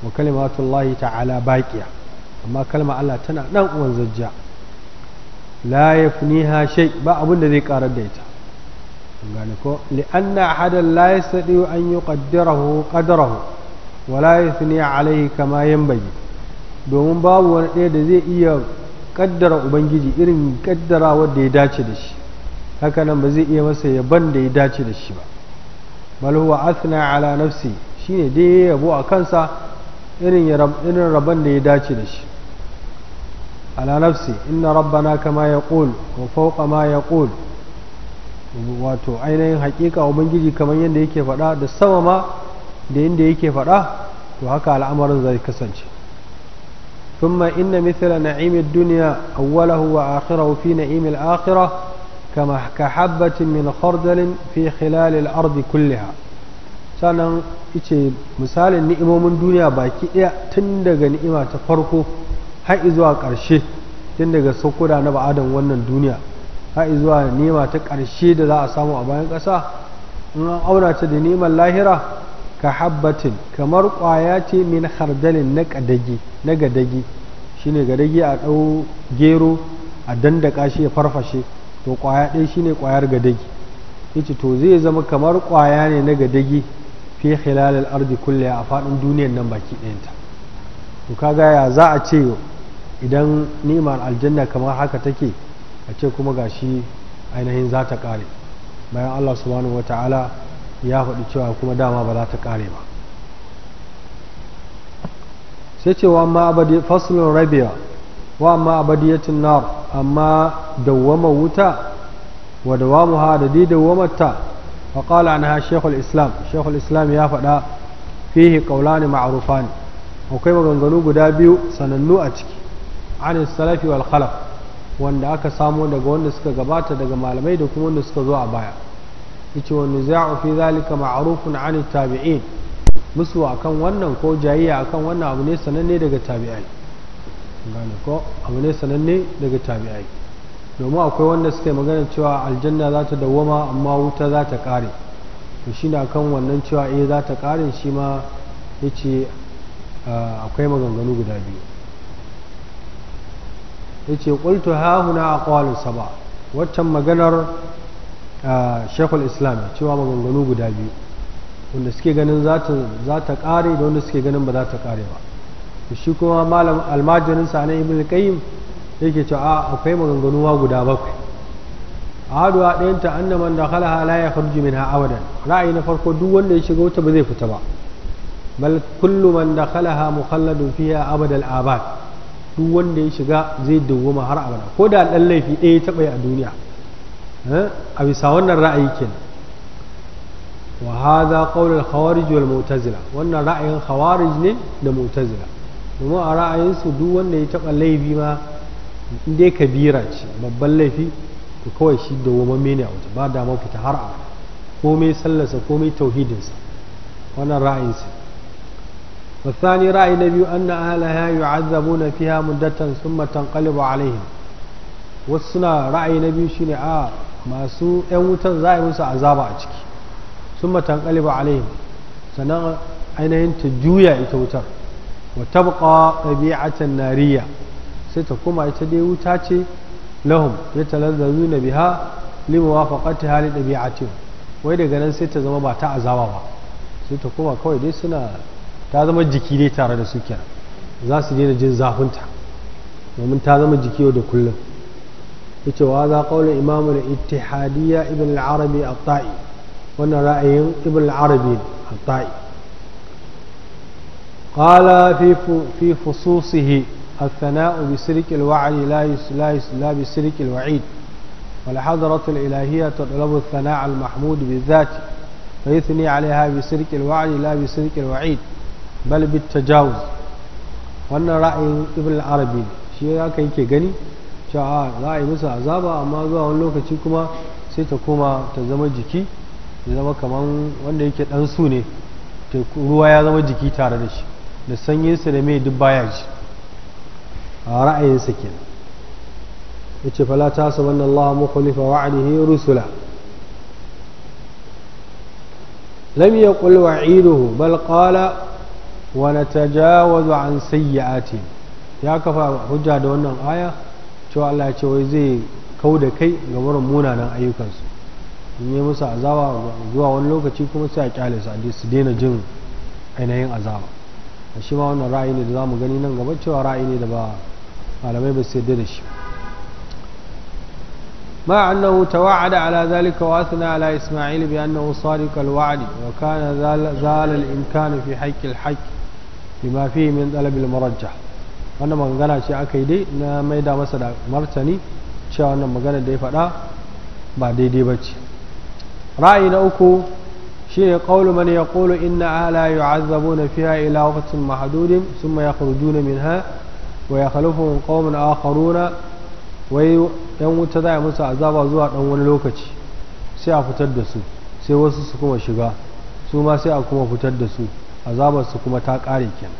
wa kalimatullahi ta'ala baƙiya amma kalmar Allah tana nan uwan zajja la yafniha shay ba abin da zai ƙara da ita gane ko li'anna ahadan la yastati an yuqaddirahu qadrahu wa la yathni alayhi kama yanbaghi domin babu wani ɗaya da zai iya kaddara ubangiji irin kaddara wanda ya dace da shi haka nan ba zai iya masa yaban da ya dace da shi ba bal huwa athna ala nafsi shine dai ya yabo a kansa irin irin rabon da ya dace da shi ala nafsi inna rabbana kama yaqul wa fawqa ma yaqul wato ainihin hakika ubangiji kamar yadda yake faɗa da sama ma da yadda yake faɗa to haka al'amarin zai kasance ثم إن مثل نعيم الدنيا أوله وآخره في نعيم akhira كما كحبة من fi hilalil خلال الأرض sanan sannan ice misalin ni'imomin duniya baki ɗaya tun daga ni'ima ta farko har zuwa ƙarshe tun daga sokoda na ba'adan wannan duniya har zuwa nema ta ƙarshe da za a samu a bayan ƙasa in an auna ta da neman lahira ka habbatin kamar ƙwaya ce min hardalin na gadagi na gadagi shine gadagi a ɗau gero a dandaka shi ya farfashe to ƙwaya ɗaya shine ƙwayar gadagi yace to zai zama kamar ƙwaya ne na gadagi fi khilalil ardi kulle a faɗin duniyar nan baki ɗayanta to kaga ya za a ce idan nimar aljanna kamar haka take a ce kuma shi ainihin za ta kare bayan allah subhanahu wata'ala ya faɗi cewa kuma dama ba za ta kare ba sai cewa amma abadi faslun rabia wa amma abadiyatin nar amma dawwama wuta wa dawamuha da di dawwamarta wa qala anha shaykhul islam shaykhul islam ya faɗa fihi ma'arufa ne akwai maganganu guda biyu sanannu a ciki an salafi wal khalaf wanda aka samo daga wanda suka gabata daga malamai da kuma wanda suka zo a baya yace wa niza'u fi zalika ma'rufun 'an tabi'in musu akan wannan ko jayayya akan wannan abu ne sananne daga tabi'ai gane ko abu ne sananne daga tabi'ai domin akwai wanda suka yi magana cewa aljanna za ta dawwama amma wuta za ta kare to shine akan wannan cewa eh za ta kare shi ma yace ah, akwai maganganu guda biyu ya ce qultu ha huna ƙwalin saba waccan maganar ah, shekul islam cewa maganganu guda biyu wanda suke ganin za ta kare da wanda suke ganin ba za ta kare ba shi kuma malam almajirin sa na ibn qayyim yake cewa akwai maganganu guda bakwai ahaduwa ɗayan ta anna man dakhala la yakhruju minha abadan ra'ayi na farko duk wanda ya shiga wuta ba zai fita ba bal kullu man dakhalaha mukhalladun a abadal abad duk wanda ya shiga zai ma har abada ko da dan laifi ɗaya ya taɓa yi a duniya eh, a bisa wannan ra'ayi kenan wa hadha qawl al khawarij wal mu'tazila wannan ra'ayin khawarij ne da mu'tazila domin a ra'ayin su duk wanda ya taɓa laifi ma in kabira ce babban laifi to kawai shi dawwamamme ne a wuce ba da mafita har abada komai sallarsa komai tauhidinsa wannan ra'ayin su. والثاني رأي نبي أن أهلها يعذبون فيها مدة ثم تنقلب عليهم وسنا رأي نبي شنع آه ما سوء azaba a ciki عذاب أجك ثم تنقلب عليهم سنة ainihin ta juya ita wutar wa tabqa tabi'atan nariya sai ta koma ita dai wuta ce lahum ya talazzazuna biha limuwafaqati hali tabi'atin wai daga nan sai ta zama ba ta azaba ba sai ta kawai dai suna ta zama jiki dai tare da su kenan za su daina jin zafinta domin ta zama jiki yau da kullum yace wa za qaulun imam al-ittihadiyya ibn al-arabi at-ta'i wannan ra'ayin ibn al-arabi at-ta'i qala fi fi fususihi الثناء بسرك الوعد لا لا لا بسرك الوعيد والحضرة الإلهية تطلب الثناء المحمود بالذات فيثني عليها بسرك الوعد لا بسرك الوعيد bal ta tajawuz wannan ra'ayin ibn arabi shi ya kai yake gani cewa za a yi musu azaba amma zuwa wani lokaci kuma sai ta koma ta zama jiki ya zama kamar wanda yake dan su ne ruwa ya zama jiki tare da shi da sanyinsa da mai duk baya ji a ra'ayinsa kenan yace fala ta saban Allah mukhlifa wa'dihi rusula lam yaqul wa'iduhu bal qala wa natajawazu an sayyi'ati ya kafa hujja da wannan aya cewa Allah ya ce wai zai kau da kai ga wurin munanan ayyukansu in yi musu azaba zuwa wani lokaci kuma sai a kyale su su daina jin ainihin azaba a shi ma wannan ra'ayi ne da za mu gani nan gaba cewa ra'ayi ne da ba malamai ba su yarda da shi مع أنه توعد على ذلك وأثنى على إسماعيل بأنه صادق الوعد وكان زال, زال الإمكان fi حق الحق lima fi min talabil marajja wannan magana ce aka yi dai na maida masa da martani cewa wannan magana da ya faɗa ba daidai ba ce ra'ayi na uku shine ya man yaqulu inna ala na fiya ila maya mahdudin thumma yakhrujuna minha wa yakhlufuhum a karuna. wai yan wuta za a musu azaba zuwa dan wani lokaci sai a fitar da su sai wasu su kuma shiga su ma sai a kuma fitar da su azabarsu kuma ta ƙare kenan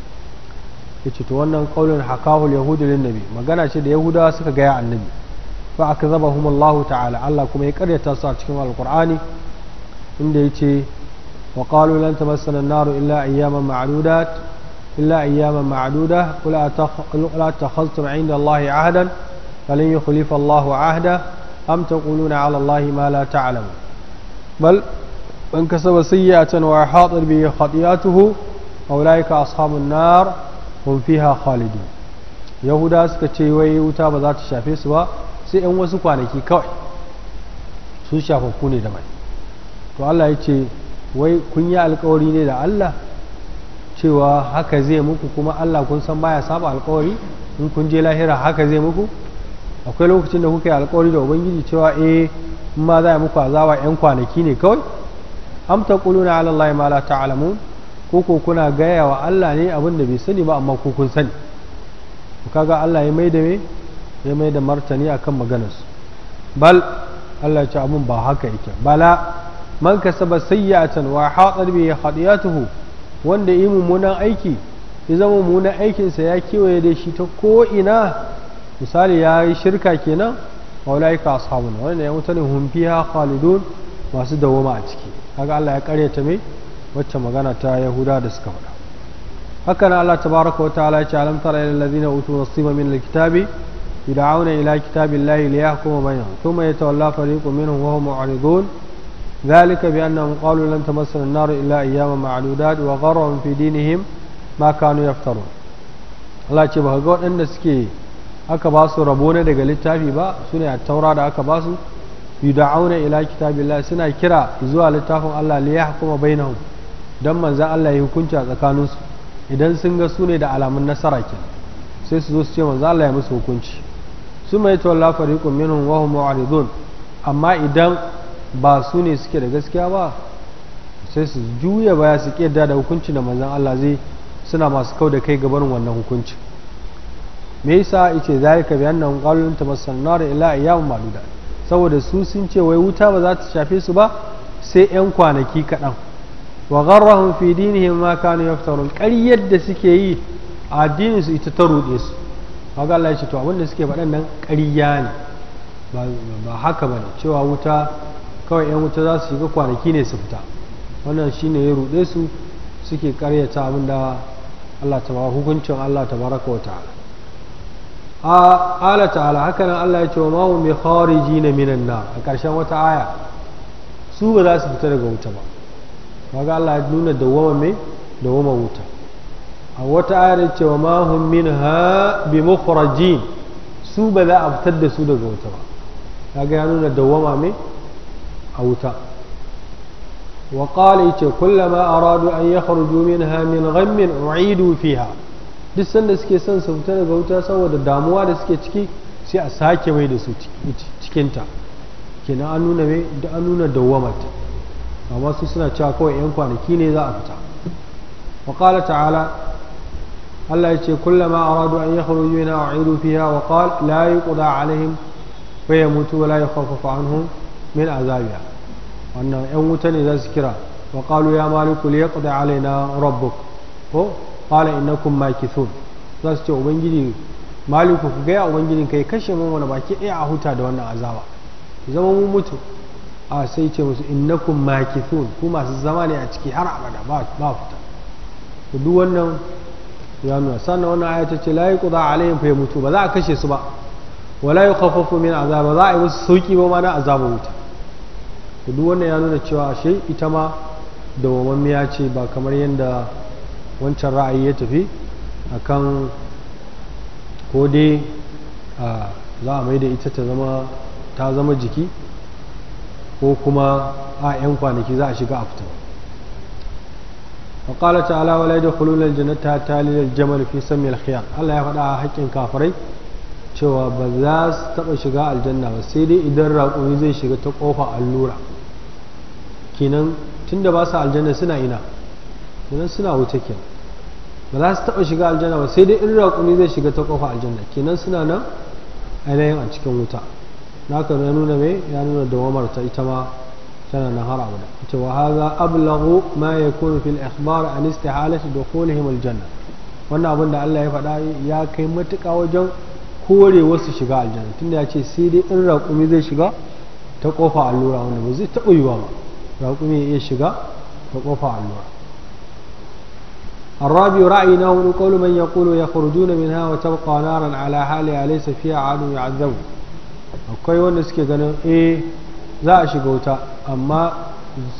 ce to wannan qaulun hakahu yahudu lin nabi magana ce da yahudawa suka gaya annabi fa akzabahum Allah ta'ala Allah kuma ya karyata su a cikin alqur'ani inda yace wa qalu lan tamassana an-nar illa ayyaman ma'dudat illa ayyaman ma'duda qul atakhadhtum 'inda Allah 'ahdan falan yukhlifa Allah 'ahda am taquluna 'ala Allah ma la ta'lamun bal من كسب سيئة وأحاطت به خطيئته أولئك أصحاب النار هم فيها خالدون يهودا سكتشي وي وتا بذات الشافي سوا sai ‘yan wasu kwanaki kawai su shafaffu ne daban to Allah ya ce wai kun yi alkawari ne da Allah cewa haka zai muku kuma Allah kun san baya saba alkawari in kun je lahira haka zai muku akwai lokacin da kuka yi alkawari da ubangiji cewa eh in ma za a muku azaba ‘yan kwanaki ne kawai am taquluna ala allahi ma la ta'lamun ko ko kuna gaya wa Allah ne abin da bai sani ba amma ko kun sani kaga Allah ya mai da me ya mai da martani akan maganarsu bal Allah ya ce abun ba haka yake bala man kasaba sayyatan wa hatar bi khadiyatuhu wanda yi mummunan aiki ya zama mummunan aikin sa ya kewaye da shi ta ko ina misali ya yi shirka kenan wa laika ashabuna wanda ya mutane hum fiha khalidun masu dawama a ciki haka Allah ya ta me wacce magana ta yahuda da suka faɗa haka na Allah tabaraka wa ta'ala ya ce alam tara ila allazina utu nasiba min alkitabi yad'una ila kitabillahi liyahkuma bainahum thumma yatawalla fariqun minhum wa hum mu'ridun ذلك بأنهم قالوا لن تمسنا النار إلا أياما معدودات وغرهم في دينهم ما kanu يفترون Allah ce ba ga waɗanda suke aka ba su rabo na daga littafi ba su ne a taura da aka ba su yud'auna ila kitabillah suna kira zuwa littafin Allah li yahkuma bainahum dan manzan Allah ya hukunci a su idan sun ga sune da alamun nasara ke sai su zo su ce manzan Allah ya musu hukunci su mai tawalla fariqun minhum wa hum mu'ridun amma idan ba su ne suke da gaskiya ba sai su juya baya su kiyarda da hukuncin da manzan Allah zai suna masu kau da kai gaban wannan hukuncin me yasa yace zalika bi annahum qalu tamassalna ila ayyamin madudat saboda su sun ce wai wuta ba za ta shafe su ba sai 'yan kwanaki kaɗan wa gharrahum fi dinihim ma kanu yaftarun ƙaryar yadda suke yi a addinin su ita ta ruɗe su kaga Allah ya ce to abin da suke faɗan nan ƙarya ne ba haka ba ne cewa wuta kawai 'yan wuta za su shiga kwanaki ne su fita wannan shine ya ruɗe su suke ƙaryata abin da Allah ta hukuncin Allah wa ta'ala a ala ta'ala hakanan Allah ya ce wa ma hum bi na minan na a ƙarshen wata aya su ba za su fita daga wuta ba kaga Allah ya nuna dawwama me dawwama wuta a wata aya da ce wa ma min ha bi mukhrajin su ba za a fitar da su daga wuta ba kaga ya nuna dawwama me a wuta wa qala yace kullama aradu an yakhruju minha min ghammin u'idu fiha duk sanda suke son su fita daga wuta saboda damuwa da suke ciki sai a sake mai da su cikinta kenan an nuna mai da an nuna dawwamata amma su suna cewa kawai 'yan kwanaki ne za a fita وقال تعالى الله يتي كلما أرادوا أن يخرجوا منها أعيدوا فيها وقال لا يقضى عليهم فيموتوا ولا يخفف عنهم من عذابها وأن يموتني ذا ذكرى وقالوا يا مالك ليقضى علينا ربك ko. qala innakum makithun za su ce ubangiji maliku ku gaya ubangijin kai kashe mu wani baki ɗaya a huta da wannan azaba zama mu mutu a sai ce musu innakum makithun ku masu zama ne a ciki har abada ba ba fita to duk wannan ya nuna sannan wannan aya ta ce la yuqda alaihim fa yamutu ba za a kashe su ba wala yukhaffafu min azaba za a yi musu sauki ba ma na azaba wuta to duk wannan ya nuna cewa ashe ita ma dawwamammiya ce ba kamar yadda wancan ra'ayi ya tafi akan ko dai za a mai da ita ta zama ta zama jiki ko kuma a 'yan kwanaki za a shiga a fita وقال تعالى ta taliyar الجنة fi sami في allah ya الله a حق كافري cewa ba za su taɓa shiga aljanna ba sai dai idan raƙumi zai shiga ta ƙofa allura kenan tunda ba su aljanna suna ina kenan suna wuce ke ba za su taɓa shiga aljanna ba sai dai in raƙumi zai shiga ta ƙofa aljanna kenan suna nan ainihin a cikin wuta na ka nuna mai ya nuna dawamar ta ita ma tana nan har abada ita wa haza ablagu ma ya yakunu fil ikhbar an istihalati dukhulihim aljanna wannan abin da Allah ya faɗa ya kai matuƙa wajen kore wasu shiga aljanna tunda ya ce sai dai in raƙumi zai shiga ta ƙofa allura wanda ba zai taɓa yiwa ba raƙumi ya iya shiga ta ƙofa allura الرابع رأينا من قول من يقول يخرجون منها وتبقى نارا على حالها ليس فيها عاد يعذب akwai wanda suke ganin e za a shiga wuta amma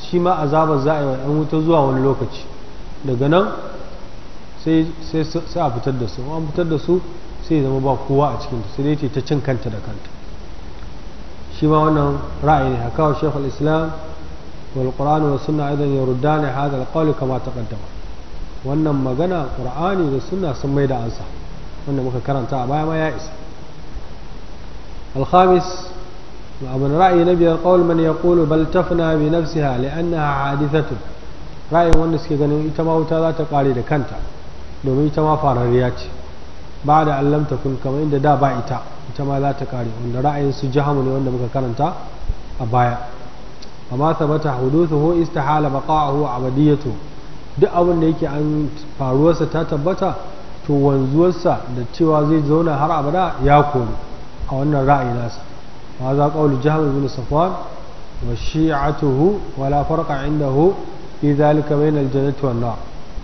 shi ma azabar za a yi wuta zuwa wani lokaci daga nan sai a fitar da su an fitar da su sai zama ba kowa a cikin sai dai ta cin kanta da kanta shi ma wannan ra'ayi ne haka wa shekul islam wal qur'an wa sunna aidan yaruddani hadha al qawl kama taqaddama wannan magana qur'ani da suna sun mai da ansa wanda muka karanta a baya ma ya isa الخامس وابن رأي نبي القول من يقول بل hali بنفسها لأنها حادثة ra'ayin wanda suke ganin ita ma wuta za ta kare da kanta domin ita ma farariya ce ba da allam ta kun kamar inda da ba ita ita ma za ta kare wanda ra'ayin su jahamu ne wanda muka karanta a baya amma sabata tabata a istihala a abadiyatu duk abin da yake an faruwarsa ta tabbata to wanzuwarsa da cewa zai zauna har abada ya koru a wannan ra'ayi nasa ma za qawlu jahm ibn safwan wa shi'atuhu wa la farqa indahu fi dhalika bayna al-jannati wan nar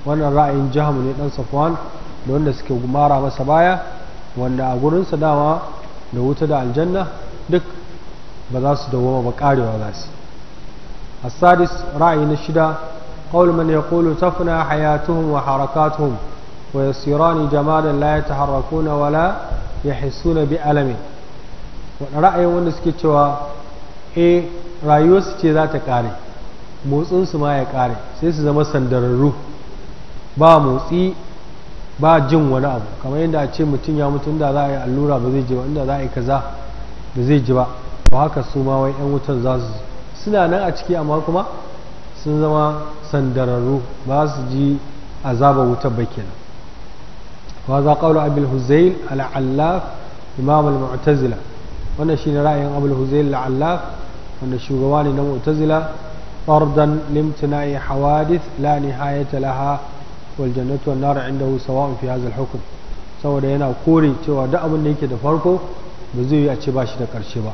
wannan ra'ayin jihar ne ɗan safwan da wanda suke gumara masa baya wanda a gurin sa dama da wuta da aljanna duk ba za su dawo ba karewa za su السادس رأي shida. haya قول من يقول تفنى حياتهم وحركاتهم ويصيران جمادا لا يتحركون ولا ra'ayin بألم suke cewa e rayuwarsu ce za ta ƙare motsinsu ma ya ƙare sai su zama sandararru ba motsi ba jin wani abu kamar yadda ace mutum ya mutu inda za yi allura ba zai ji ba inda za yi kaza ba zai ji ba ba haka su ma wai 'yan wutan za su suna nan a ciki amma kuma sun zama sandararru ba su ji azaba wutar ba kenan wa za qawlu abul huzail al-allaf imam al-mu'tazila wannan shine ra'ayin abul huzail al-allaf wanda shugaba ne na mu'tazila ni لامتناع ta laha, نهاية na والجنة والنار عنده سواء في هذا hukum. saboda yana kore cewa da abin da yake da farko ba zai yi a ce ba shi da ƙarshe ba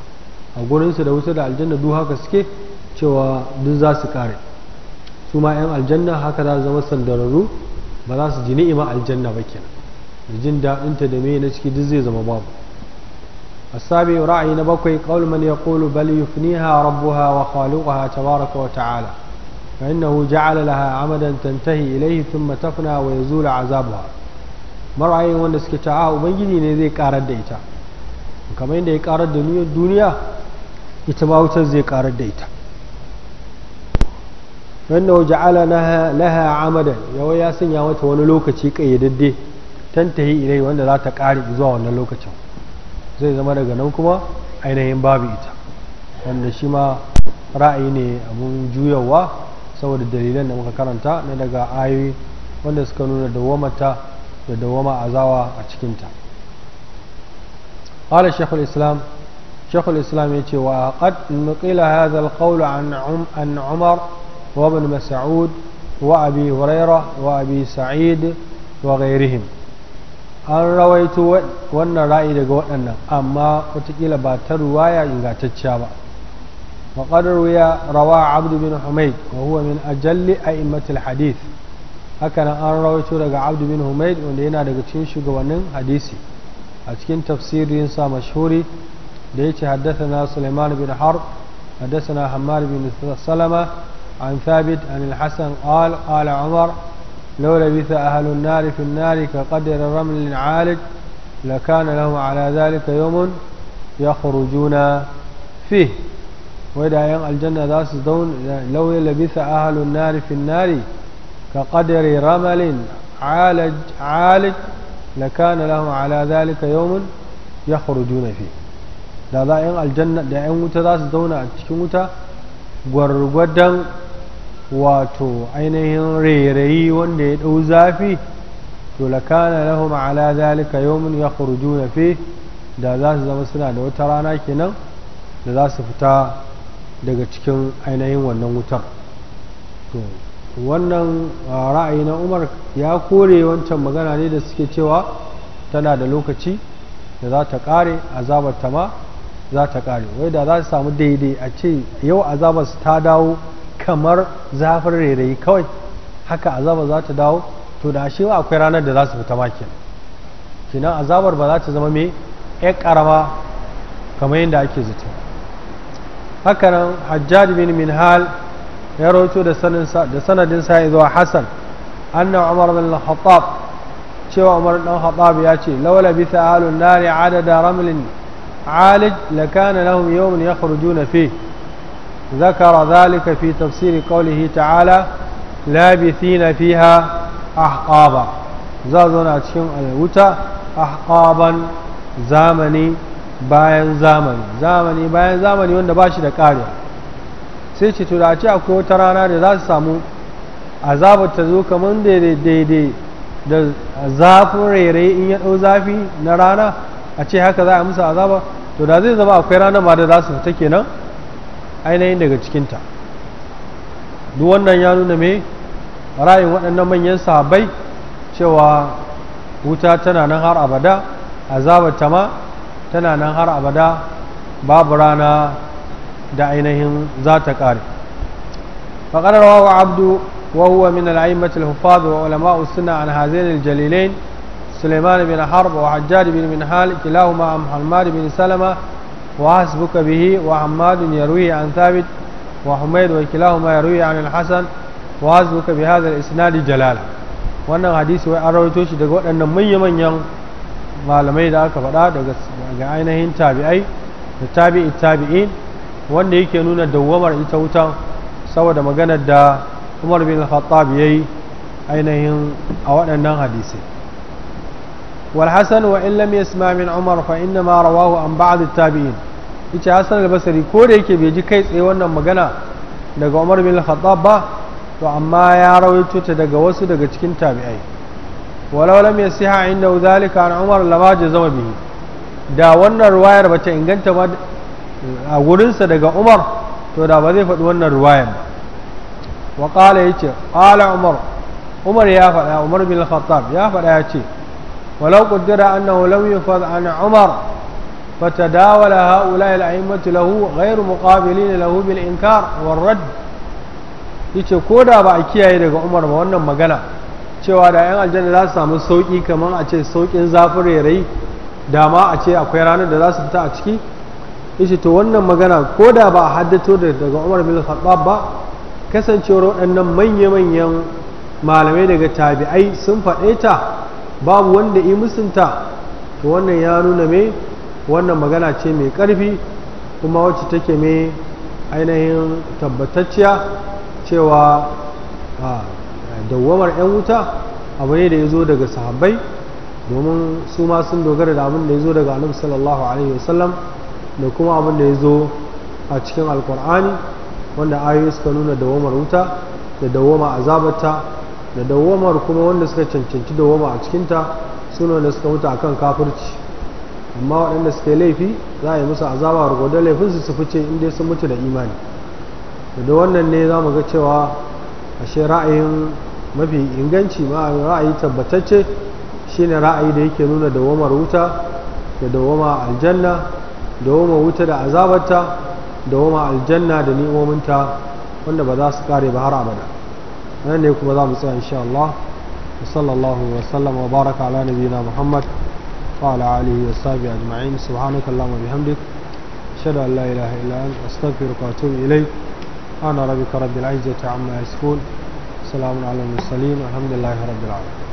a gurinsa da wuta da aljanna duk haka suke cewa duk za su kare su ma 'yan aljanna haka za su zama sandararru ba za su ji ni'ima aljanna ba kenan da jin daɗinta da mai na ciki duk zai zama babu a asabi ra'ayi na bakwai qaul man yaqulu bal yufniha rabbuha wa khaliquha tabaraka wa ta'ala fa innahu ja'ala laha amadan tantahi ilayhi thumma tafna wa yazulu azabuha marayin wanda suke a ubangiji ne zai karar da ita kamar yadda ya karar da duniya ita ma wutar zai karar da ita فإنه جعل لها, لها عمدا يوي ya sanya متى wani lokaci kayyadadde tantahi ilai wanda za ta kare zuwa wannan lokacin zai zama daga nan kuma ainihin babu ita wanda shi ma ra'ayi ne abun juyawa saboda dalilan da muka karanta na daga ayoyi wanda suka nuna dawamata da dawama azawa a cikinta قال شيخ الإسلام شيخ الإسلام يقول وقد نقل هذا القول عن umar. وابن مسعود وأبي هريرة وأبي سعيد وغيرهم an rawaito wannan ra'ayi daga waɗannan amma wataƙila ba ta ruwaya ingantacciya ba wa ƙadaru ya rawa abdu bin humaid wa min ajalli a immatul hadith haka an rawaito daga abdu bin humaid wanda yana daga cikin shugabannin hadisi a cikin tafsirin sa mashhuri da ya haddasa na suleiman bin har haddasa na hamar bin salama عن ثابت عن الحسن قال قال عمر لو لبث أهل النار في النار كقدر رمل عالج لكان لهم على ذلك يوم يخرجون فيه وإذا ين الجنة داس دون لو لبث أهل النار في النار كقدر رمل عالج عالج لكان لهم على ذلك يوم يخرجون فيه da za a yin aljanna da 'yan wuta za su wato ainihin rairayi wanda ya ɗau zafi to lakana lahum ala zalika yawmin yakhrujuna fi da za su zama suna da wata rana kenan da za su fita daga cikin ainihin wannan wutar to wannan ra'ayi na Umar ya kore wancan magana ne da suke cewa tana da lokaci da za ta kare azabar ta ma za ta kare wai da za su samu daidai a ce yau azabar su ta dawo kamar zafin rairayi kawai haka azaba za ta dawo to da ashe akwai ranar da za su fita makin kinan azabar ba za ta zama mai ya karama kamar yadda ake haka hakanan hajjad bin minhal ya rawaito da sanadin sa ya zuwa hassan anna umar bin khattab cewa umar dan khattab ya ce laula bi ta'alun nari adada ramlin alij lakana lahum yawmin yakhrujuna fihi ذكر ذلك في تفسير قوله تعالى لابثين فيها أحقابا زازنا تشم الوتا أحقابا زامني bayan zamani zamani bayan zamani wanda ba shi da ƙariya sai ce to da a ce akwai wata rana da za su samu azabar ta zo kamar daidai da zafin rairayi in ya ɗau zafi na rana a ce haka za a musu azaba to da zai zama akwai rana ma da za su fita kenan ainihin daga cikinta duk wannan ya nuna mai ra'ayin waɗannan manyan sahabbai cewa wuta tana nan har abada azabata ma tana nan har abada babu rana da ainihin za ta ƙare faƙarar wawa abdu wahuwa min al'aimmat al-hufadu wa ulama usuna an hazin jalilain suleiman bin harba wa hajjar bin min hal kilahuma am bin salama وحسبك به وعماد يرويه عن ثابت وحميد وكلاهما يرويه عن الحسن وحسبك بهذا الإسناد جلالة wannan hadisi wai an rawaito shi daga waɗannan manya-manyan malamai da aka faɗa daga ainihin tabi'ai da tabi'i tabi'in wanda yake nuna dawwamar ita wutan saboda maganar da umar bin khattab yayi ainihin a waɗannan hadisai والحسن وإن لم يسمع من عمر فإنما رواه عن بعض التابعين yace Hassan al ko da yake bai ji kai tsaye wannan magana daga Umar bin Khattab ba to amma ya rawaito ta daga wasu daga cikin tabi'ai walau lam yasiha inda uzalika an Umar lama jazama bihi da wannan ruwayar bata inganta ba a wurinsa daga Umar to da ba zai faɗi wannan wayar ba wa qala yace Umar ya faɗa Umar bin Khattab ya faɗa ya ce ولو قدر أنه لم يفض عن عمر فتداول هؤلاء الأئمة له غير مقابلين له بالإنكار والرد yace ko da ba a kiyaye daga umar ba wannan magana cewa da 'yan aljanna za su samu sauƙi kamar a ce sauƙin zafin rairayi da ma a ce akwai ranar da za su fita a ciki yace to wannan magana ko da ba a haddato da daga umar bin khattab ba kasancewar waɗannan manya-manyan malamai daga tabi'ai sun faɗe ta babu wanda yi musunta to wannan ya nuna mai wannan magana ce mai ƙarfi kuma wacce take mai ainihin tabbatacciya cewa dawamar 'yan wuta abu ne da ya zo daga sahabbai domin su ma sun dogara da abin da ya zo daga annabi sallallahu alaihi wasallam da kuma abin da ya zo a cikin alkur'ani wanda ayoyi suka nuna dawamar wuta da dawama zabata da dawwamar kuma wanda suka cancanci dawwama a cikinta suna da suka mutu akan kafirci amma waɗanda suke laifi za a yi musu azaba gwargwadon laifinsu su fice in dai sun mutu da imani da wannan ne za mu ga cewa ashe ra'ayin mafi inganci ma ra'ayi tabbatacce shine ra'ayi da yake nuna dawamar wuta da dawama aljanna dawama wuta da azabarta dawama aljanna da ni'omunta wanda ba za su kare ba har abada ليكم مساء إن شاء الله وصلى الله وسلم وبارك على نبينا محمد وعلى آله وصحبه أجمعين سبحانك اللهم وبحمدك أشهد أن لا إله إلا أنت أستغفرك وأتوب إليك أنا ربك رب العزة عما يصفون سلام على المرسلين والحمد لله رب العالمين